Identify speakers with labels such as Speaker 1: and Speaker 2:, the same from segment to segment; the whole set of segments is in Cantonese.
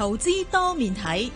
Speaker 1: 投資多面
Speaker 2: 睇，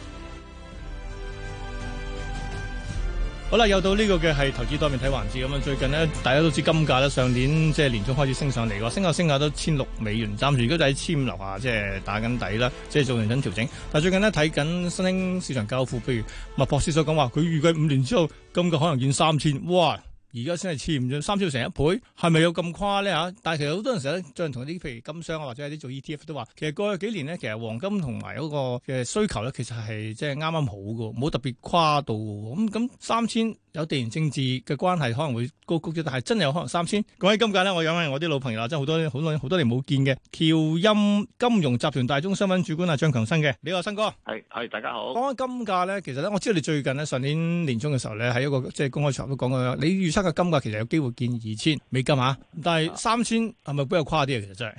Speaker 2: 好啦，又到呢個嘅係投資多面睇環節咁啊！最近咧，大家都知金價咧，上年即係年中開始升上嚟㗎，升下升下都千六美元站住，而家就喺千五樓下即係打緊底啦，即係做緊調整。但係最近呢，睇緊新興市場教父，譬如麥樸思所講話，佢預計五年之後金價可能見三千，哇！而家先係唔咗三千成一倍，係咪有咁誇咧嚇？但係其實好多陣時咧，最近同啲譬如金商啊，或者係啲做 ETF 都話，其實過去幾年咧，其實黃金同埋嗰個嘅需求咧，其實係即係啱啱好嘅，冇特別誇到嘅。咁咁三千。有地緣政治嘅關係，可能會高高啲，但係真係有可能三千。講起金價咧，我請埋我啲老朋友啊，真係好多好耐好多年冇見嘅，僑鑫金融集團大宗商品主管啊張強生嘅，你話新哥，係係大家好。講緊金價咧，其實咧，我知道你最近咧上年年中嘅時候咧，喺一個即係公開場都講過，你預測嘅金價其實有機會見二千美金啊，但係三千係咪比較誇啲啊？其實真係，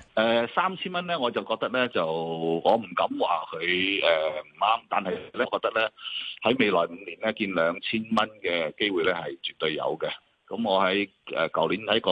Speaker 2: 誒三千
Speaker 1: 蚊咧，我就覺得咧就我唔敢話佢誒唔啱，但係咧我覺得咧喺未來五年咧見兩千蚊嘅。機會咧係絕對有嘅，咁我喺誒舊年喺個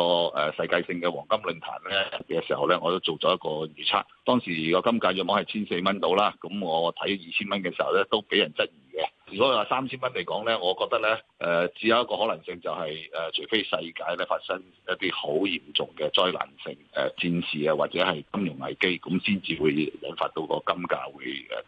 Speaker 1: 誒世界性嘅黃金論壇咧嘅時候咧，我都做咗一個預測。當時個金價約莫係千四蚊到啦，咁我睇二千蚊嘅時候咧，都俾人質疑嘅。如果話三千蚊嚟講咧，我覺得咧誒，只、呃、有一個可能性就係、是、誒、呃，除非世界咧發生一啲好嚴重嘅災難性誒、呃、戰事啊，或者係金融危機，咁先至會引發到個金價會誒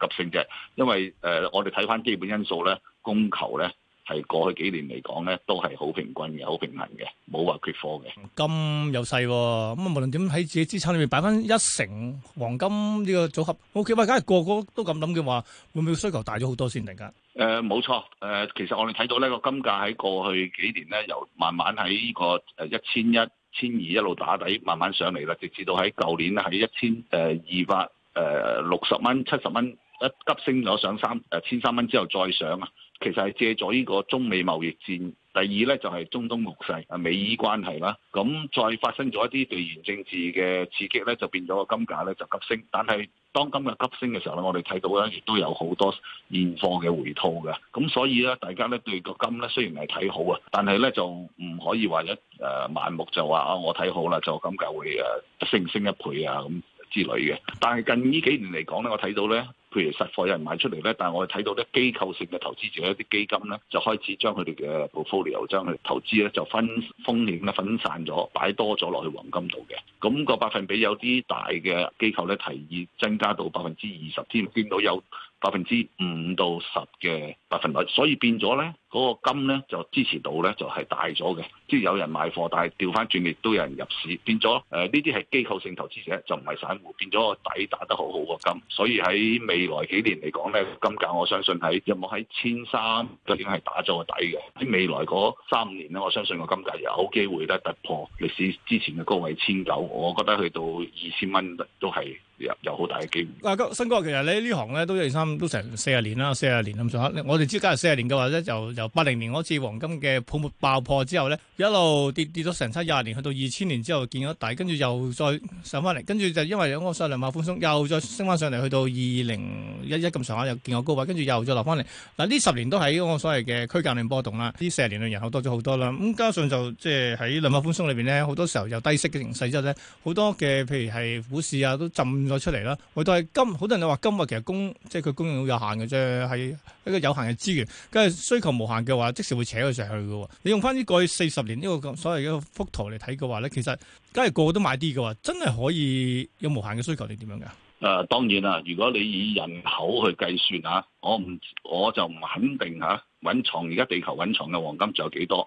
Speaker 1: 急升嘅。因為誒、呃，我哋睇翻基本因素咧，供求咧。係過去幾年嚟講咧，都係好平均嘅，好平衡嘅，冇話缺貨嘅。
Speaker 2: 金又細、啊，咁無論點喺自己資產裏面擺翻一成黃金呢個組合，OK，喂，梗、OK，係個個都咁諗嘅話，會唔會需求大咗好多先？大家、呃？
Speaker 1: 誒，冇錯。誒，其實我哋睇到呢個金價喺過去幾年咧，由慢慢喺呢個誒一千一千二一路打底，慢慢上嚟啦，直至到喺舊年喺一千誒二百誒六十蚊、七十蚊一急升咗上三誒千三蚊之後再上啊。其實係借咗呢個中美貿易戰，第二咧就係中東局勢啊、美伊關係啦，咁再發生咗一啲地緣政治嘅刺激咧，就變咗個金價咧就急升。但係當今日急升嘅時候咧，我哋睇到咧亦都有好多現貨嘅回吐嘅。咁所以咧，大家咧對個金咧雖然係睇好啊，但係咧就唔可以話一誒、呃、盲目就話啊我睇好啦，就金價會誒升升一倍啊咁之類嘅。但係近呢幾年嚟講咧，我睇到咧。譬如實貨有人賣出嚟咧，但係我哋睇到咧機構性嘅投資者一啲基金咧，就開始將佢哋嘅 portfolio 將佢哋投資咧就分風險咧分散咗，擺多咗落去黃金度嘅。咁個百分比有啲大嘅機構咧，提議增加到百分之二十添，見到有百分之五到十嘅百分率，所以變咗咧，嗰、那個金咧就支持度咧就係、是、大咗嘅，即、就、係、是、有人賣貨，但係調翻轉亦都有人入市，變咗誒呢啲係機構性投資者，就唔係散戶，變咗個底打得好好個金，所以喺未來幾年嚟講咧，金價我相信喺有冇喺千三，究竟係打咗個底嘅喺未來嗰三年咧，我相信個金價有機會咧突破歷史之前嘅高位千九。我覺得去到二千蚊都係。有好大
Speaker 2: 嘅機會。嗱，新哥，其實咧呢行咧都二三都成四十年啦，四十年咁上下。我哋知加日四十年嘅話咧，由由八零年嗰次黃金嘅泡沫爆破之後咧，一路跌跌咗成七廿年，去到二千年之後見咗底，跟住又再上翻嚟，跟住就因為嗰個所謂量化寬鬆，又再升翻上嚟，去到二零一一咁上下又見個高位，跟住又再落翻嚟。嗱，呢十年都喺嗰個所謂嘅區間內波動啦。呢四十年嘅人口多咗好多啦。咁加上就即係喺量化寬鬆裏邊咧，好多時候有低息嘅形勢之後咧，好多嘅譬如係股市啊都浸。攞出嚟啦，或者係今，好多人都話今日其實供，即係佢供應好有限嘅啫，係一個有限嘅資源。跟係需求無限嘅話，即時會扯佢上去噶。你用翻呢過去四十年呢個所謂嘅幅圖嚟睇嘅話咧，其實，梗係個個都買啲嘅話，真係可以有無限嘅需求定點樣噶
Speaker 1: 誒，當然啦，如果你以人口去計算吓，我唔，我就唔肯定吓，啊，蘊藏而家地球蘊藏嘅黃金仲有幾多？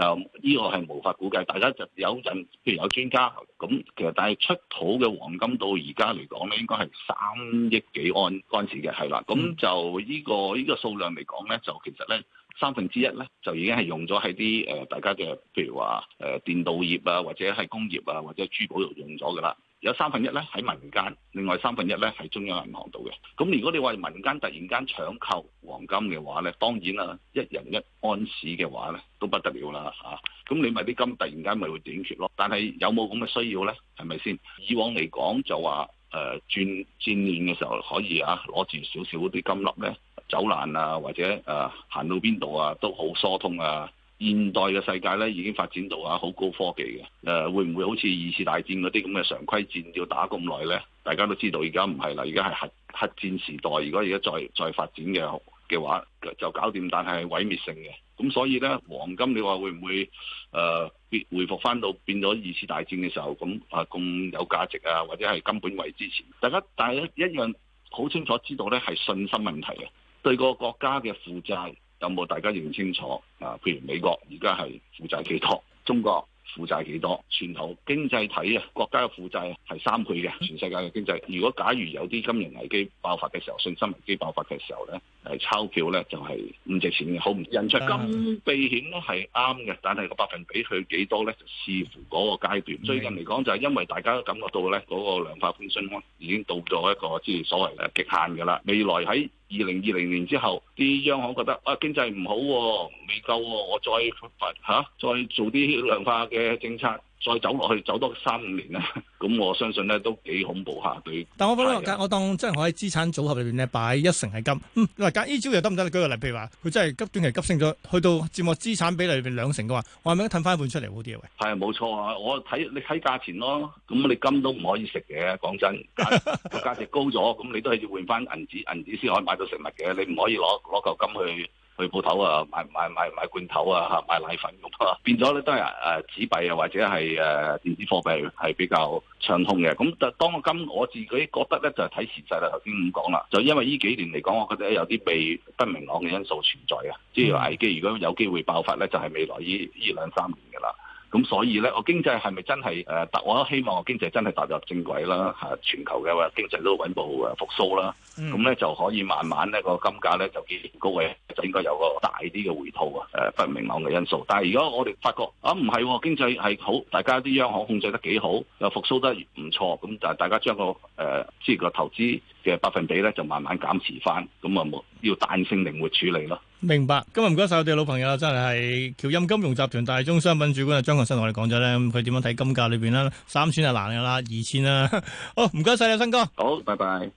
Speaker 1: 就呢、呃這個係無法估計，大家就有陣，譬如有專家咁、嗯，其實但係出土嘅黃金到而家嚟講咧，應該係三億幾安盎士嘅，係、嗯、啦。咁、嗯嗯嗯、就、這個這個、呢個呢個數量嚟講咧，就其實咧三分之一咧，就已經係用咗喺啲誒大家嘅譬如話誒、呃、電導業啊，或者係工業啊，或者係珠寶度用咗噶啦。有三分一咧喺民間，另外三分一咧喺中央銀行度嘅。咁如果你話民間突然間搶購黃金嘅話咧，當然啦，一人一安士嘅話咧，都不得了啦嚇。咁、啊、你咪啲金突然間咪會短缺咯。但係有冇咁嘅需要咧？係咪先？以往嚟講就話誒、呃、轉戰亂嘅時候可以啊攞住少少啲金粒咧，走難啊或者誒、啊、行到邊度啊都好疏通啊。現代嘅世界咧已經發展到啊好高科技嘅，誒、呃、會唔會好似二次大戰嗰啲咁嘅常規戰要打咁耐咧？大家都知道而家唔係啦，而家係核核戰時代。如果而家再再發展嘅嘅話，就搞掂，但係毀滅性嘅。咁所以咧，黃金你話會唔會誒、呃、回復翻到變咗二次大戰嘅時候咁啊更有價值啊？或者係根本為之前？大家，但係一一樣好清楚知道咧係信心問題嘅，對個國家嘅負債。有冇大家認清楚啊？譬如美國而家係負債幾多？中國負債幾多？全球經濟體啊，國家嘅負債係三倍嘅全世界嘅經濟。如果假如有啲金融危機爆發嘅時候，信心危機爆發嘅時候呢？係鈔票咧，就係、是、唔值錢嘅，好唔印出金避險咧係啱嘅，但係個百分比去幾多咧，就視乎嗰個階段。嗯、最近嚟講，就係因為大家都感覺到咧，嗰、那個量化寬鬆已經到咗一個即係所謂嘅極限噶啦。未來喺二零二零年之後，啲央行覺得啊，經濟唔好、啊，未夠、啊，我再發吓、啊，再做啲量化嘅政策。再走落去，走多三五年咧，咁 我相信咧都幾恐怖
Speaker 2: 下對，但我覺得我當真係我喺資產組合裏邊咧擺一成係金。嗯，你隔依朝又得唔得？你舉個例，譬如話佢真係急短期急升咗，去到佔我資產比例裡面兩成嘅話，我係咪應該褪翻一半出嚟好啲啊？喂，
Speaker 1: 係冇錯啊！我睇你睇價錢咯。咁你金都唔可以食嘅，講真，價，價值高咗，咁你都係要換翻銀紙，銀紙先可以買到食物嘅。你唔可以攞攞嚿金去。去鋪頭啊，買買買買罐頭啊，嚇買奶粉咁啊，變咗咧都係誒紙幣啊，或者係誒電子貨幣係比較暢通嘅。咁但當今我自己覺得咧，就係睇時勢啦。頭先咁講啦，就因為呢幾年嚟講，我覺得有啲被不明朗嘅因素存在啊。即係話危機，如果有機會爆發咧，就係未來呢呢兩三年。咁所以咧，我經濟係咪真係誒達？我希望經濟真係踏入正軌啦，嚇、啊、全球嘅話經濟都穩步誒復甦啦。咁咧、mm. 就可以慢慢咧、個金價咧就幾年高位，就應該有個大啲嘅回吐啊！誒不明朗嘅因素。但係如果我哋發覺啊唔係、哦、經濟係好，大家啲央行控制得幾好，又復甦得唔錯，咁就大家將個誒即係個投資嘅百分比咧就慢慢減持翻，咁啊冇要彈性靈活處理咯。
Speaker 2: 明白，今日唔該晒我哋老朋友，真係僑鑫金融集團大宗商品主管啊張強生同我哋講咗咧，佢點樣睇金價裏邊啦？三千就難噶啦，二千啊， 好唔該晒啊，新哥，
Speaker 1: 好，拜拜。